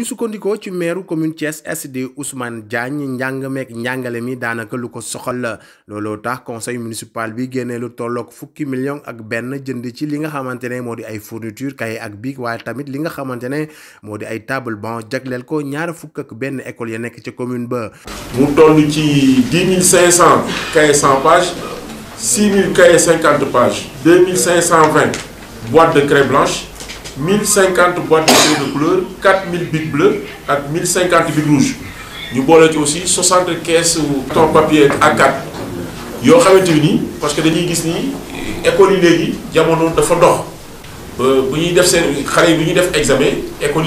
ñu sukkandikoo ci meeru commune Thiès sd Ousmane Diagne njàng mek njàngale mi daanaka lu ko soxal la looloo tax conseil municipal bi génnee lu tolloog fukki million ak benn jënd ci li nga xamante ne moo di ay fourniture kaye ak bic waaye tamit li nga xamante ne moo di ay table ban jaglel ko ñaara fukk ak benn école ya nekk ca commune ba. mu toll ci dix kaye 100 pages six mille cahier pages deux mille boîte de craie blanche. 1050 boîtes de couleur 4000 billes bleus et 1050 billes rouges Nous avons aussi 60 caisses carton papier A4 yoo qui est nii parce que dañuy avons ni école yi léegi jamono dafa dox ba bu ñuy def seen xale yi bu ñuy def examen école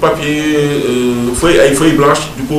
papier euh, feuille ay feuille blanche du ko